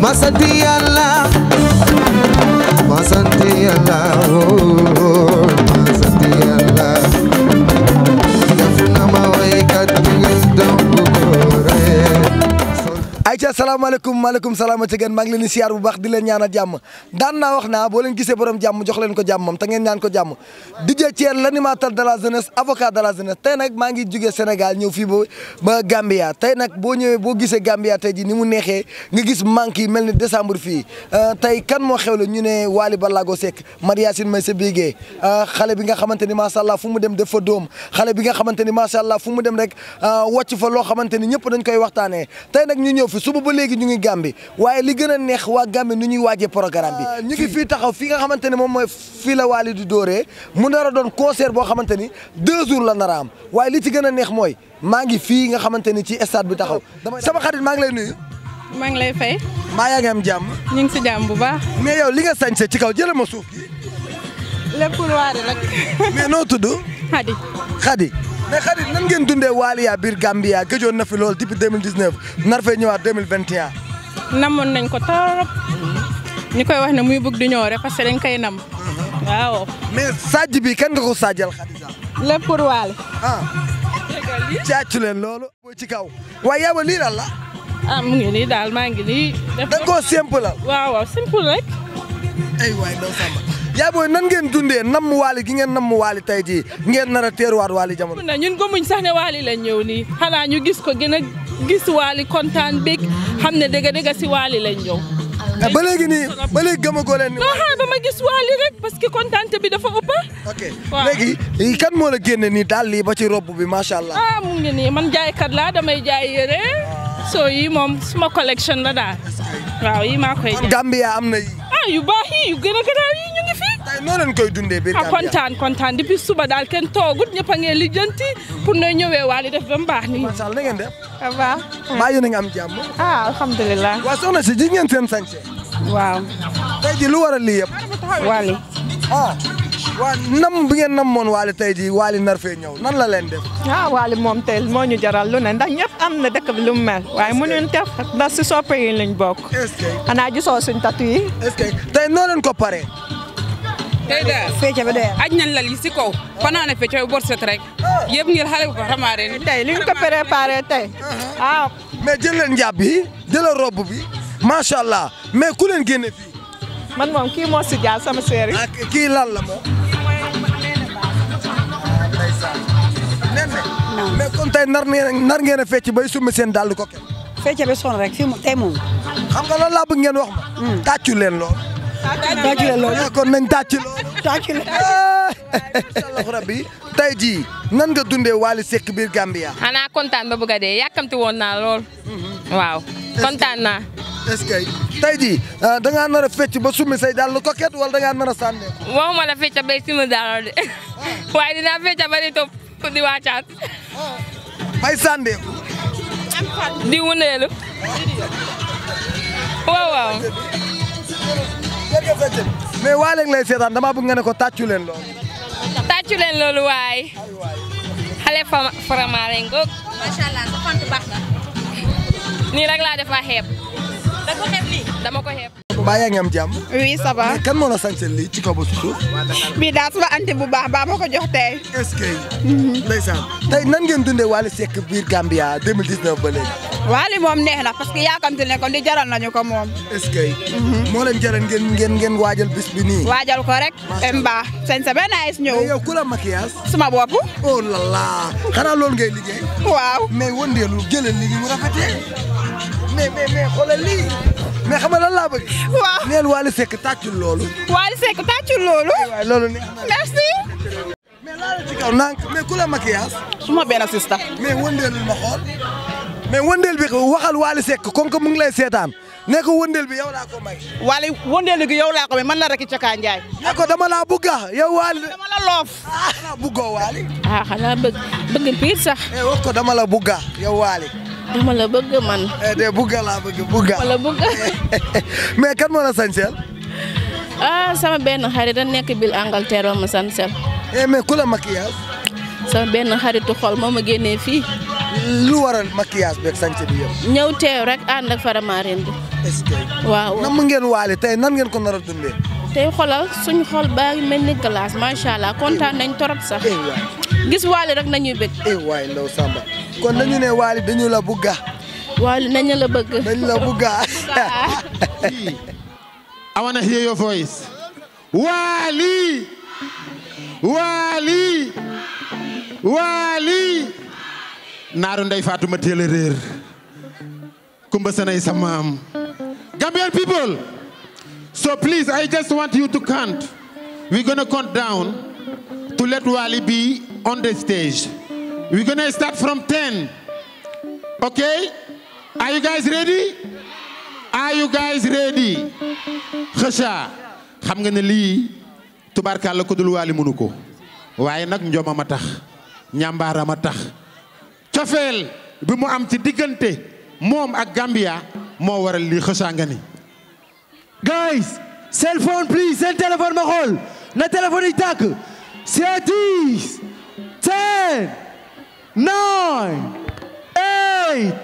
ma sant yàlla ma sant yàlla oh. Assalamualaikum, malakum salam ci gën maa ngi leen di bu baax di leen ñaanal jàmm dan na wax na bo leen gisse borom jàmm jox leen ko jàmmam ta ngeen ñaan ko jàmm DJ tier l'animateur de la jeunesse avocat de la jeunesse tay nak maa ngi ba Gambia tay nak bo ñewé bo gisse Gambia tay ji ni mu nexé nga gis manki melni décembre fi euh, tay kan moo xew la ñu ne Wally Ballago Seck Mariasine may se bigué euh, xalé bi nga xamanteni ma sha allah fu mu dem def fa dom xalé bi nga xamanteni ma sha allah fu mu dem rek euh, wacc fa lo xamanteni ñepp dañ koy waxtaanee tay nak ñu ñew fi boobu ba léegi ñu ngi Gambie waaye li gën a neex waa Gambie nu ñuy waajee programme bi ah, ñu ngi fii taxaw fi nga xamante ne moom mooy fii la Wally di dooree mu nar a doon concert boo xamante ni deux jours la nar am waaye li ci gën a neex mooy maa ngi fii nga xamante ni ci stade bi taxaw ah, sama xarit maa ngi lay nuyu maa ngi lay fay maa yaa ngi am jàmm ñu ngi si jàmm bu baax mais yow li nga sañse ci kaw jëlal ma suuf gi lépp lu waare rek noo tudd Khady mais xarit nan ngeen dundee Waliya biir Gambia gëjoon na fi lool depuis 2019 nar fay ñëwaat 2021. namoon nañ ko torop ñu koy wax ne muy bëgg di ñëw rek parce que dañ koy nam waaw. mais Sadji bi kan nga ko Sadjal Khadija. lépp pour Wali. ah. càccu ci kaw waaye yow lii lan la. ah ngi nii daal maa ngi nii. def ko waaw waaw simple rek. yaa booy nan ngeen dundee namm waali gi ngeen namm waali tey jii ngeen nara teer teeruwaat waali jamono. na ñun gëmuñ sax ne waali lañ ñëw nii xanaa ñu gis ko gën a gis waali kontaan bég xam ne dëgg dëgg si waali lañ ñëw. Eh, ba léegi nii ba léegi gëmagoo leen. non xaar ba ma gis waali rek parce que kontaante bi dafa ëpp. ok kan moo la génne nii daal lii ba ci robb bi macha allah. ah mu man jaaykat laa damay jaay yére so yi moom suma collection la daal. waaw yi maa koy jaay. na yi. ah yu baax yi yu gën a noo leen koy dundee biir ah, Gambia kontaan kontaan depuis suba daal kenn toogut ñëpp a ngeen lijjanti pour nooy ñëwee waale de ba mu baax nii. macha allah na ngeen def. ça va. mbaa yéen a ngi am jàmm. ah alhamdulilah. waaw soxna si ji ngeen seen sañse. waaw. lu waral lii yëpp. waale. ah waa nam bi ngeen namoon waale tey ji waale nar ñëw nan la leen def. ah waale moom tey moo ñu jaral lu ne ndax ñëpp am na dëkk bi lu mu mel. waaye mënuñu def ndax si soppe yi lañ bokk. est ce que. xanaa yi. est ce que tey leen ko pare teyda feccaɓe ɗo añnan lali si kaw kow konano feccaɓe borset rek yebgel haale ko tamaren tey lin ko préparé tey a ah. ah. mais jëleen njab bi jëleen robb bi machallah mais ku leen génne fii man moom kii moo si jaar sama kii lan la moom nenne mais kon tey nar ngeen nar ngeen a fecc bay summi seen dàll ko kenn feccaɓe son rek fii tey moom xam nga lan laa bëgg ngeen wax ma hmm. tàccu leen lool tàcc leen loolu kon nañ tàcc loolu tàcc leen inshallah jii nan nga dundee Wally Seck biir Gambia xanaa kontaan ba bëgg a dee yàkkamti woon naa lool mhm. waaw kontaan naa est-ce que euh, da ngaa nar fecc ba summi say dàll coquette wala da ngaa nar a sànni waxuma la fecc bay summi dàll de ah. waaye dinaa fecc ba di topp di waacaat ah. bay sànni di wundeelu ah. waaw mais waa léegi lay seetaan damaa bëgg nga ne ko tàccu leen loolu. tàccu leen loolu waay. xale Faramaren goog. macha allah nii rek laa def a ko xeeb baa yaa ngi am jàmm. oui ça va. kan moo la sañsel lii ci kaw ba bii daal sama anti bu baax baa ma jox tey. est-ce que. Mhm. ndeysaan tey nan ngeen dundee Wally Seck biir Gambia 2019 ba léegi. Wally moom neex na parce que yaakamti ne ko di jaral nañu ko moom. est-ce mhm. leen jaral ngeen ngeen ngeen waajal bis bi nii. waajal ko rek. mbaa sañ sa benn ayis ñëw. mais yow ku la maquillage. suma bopp. oh là là xanaa loolu ngay waaw mais wëndeelu jëlal li ngi mu rafetee mais mais mais xoolal lii. mais xam nga lan laa bëgg. waaw neel Wally Seck tàccul loolu. Wally Seck tàccul loolu. waaw loolu neex na merci. mais laa la ci kaw nànk mais ku la sista. mais wëndeelul ma xool. mais wëndeel bi waxal Wally Seck comme que mu ngi lay seetaan ne ko wëndeel bi yow laa ko may. Wally wëndeel yow laa ko may man la rek Caka Njaay. ne ko dama laa bëgg a yow Wally. dama ah, ah, eh, ko dama la bëgg a yow Wally. dama la bëgg man. Eh, de bugga laa bëgg bugga. dama la bëgg. ma kan moo la sañseel. ah sama benn xarit da nekk bil Angleterre ma sañseel. eh mais ku la maquillage. sama benn xaritu xol moo ma génnee fii. lu waral maquillage beeg sañse bi ñëw teew rek ànd ak Faramareen waaw nan mu ngeen waale tey nan ngeen ko nar a tey xoolal suñu xol baa mel ni glace macha allah kontaan nañ torop sax. Eh, gis waale rek nañuy bëgg. Eh, kon dañu ne dañu la bugga Wally nañu la bëgg dañu la bugga I want to hear your voice Wali, Wali, Wali. Narunda ndey Faatuma téel réer kumba sanay sa Gambian people so please I just want you to count we're gonna count down to let Wali be on the stage We're gonna start from 10. Okay? Are you guys ready? Are you guys ready? Khasha. Xam nga ne lii tubaarkàlla ko dul wali munuko. Waye nak njoma ma tax ñàmbaara ma tax Tiofel bi mu am ci digënté mom ak Gambia mo waral li khasha nga ni guys cell phone please cell telephone ma xol. na telephone yi tak. c'est ten nine, eight,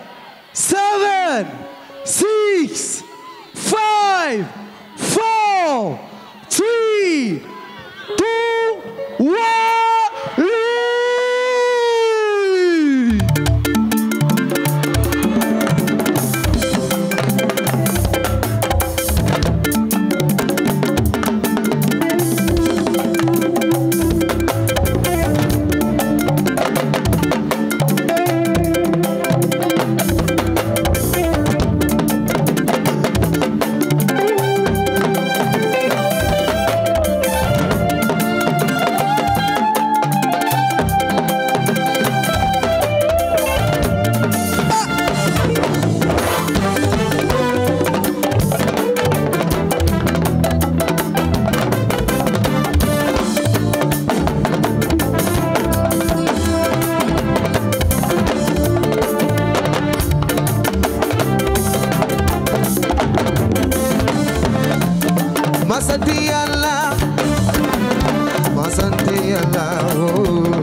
seven, six, five, four, three, two, one. जाओ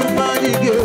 somebody give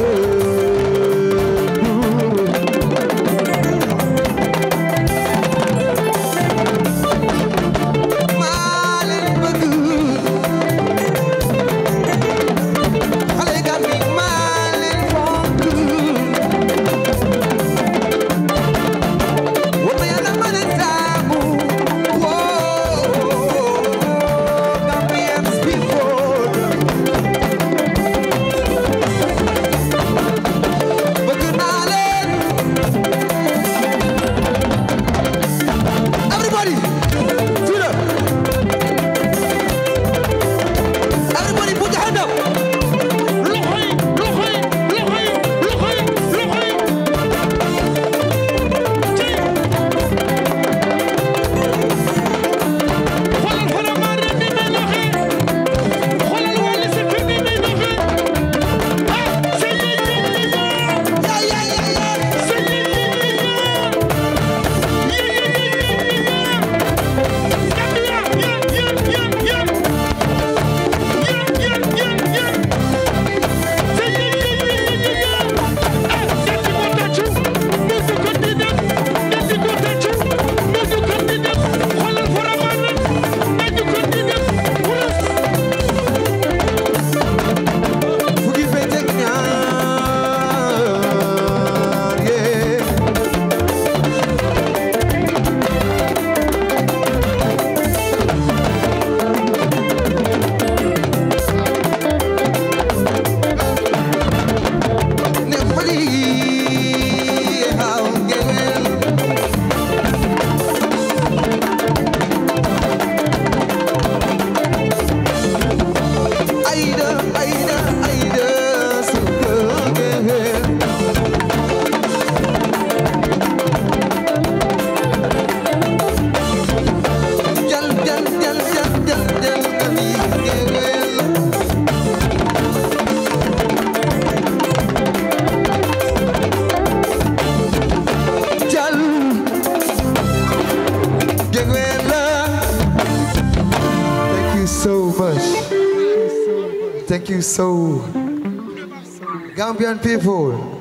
So, Gambian people.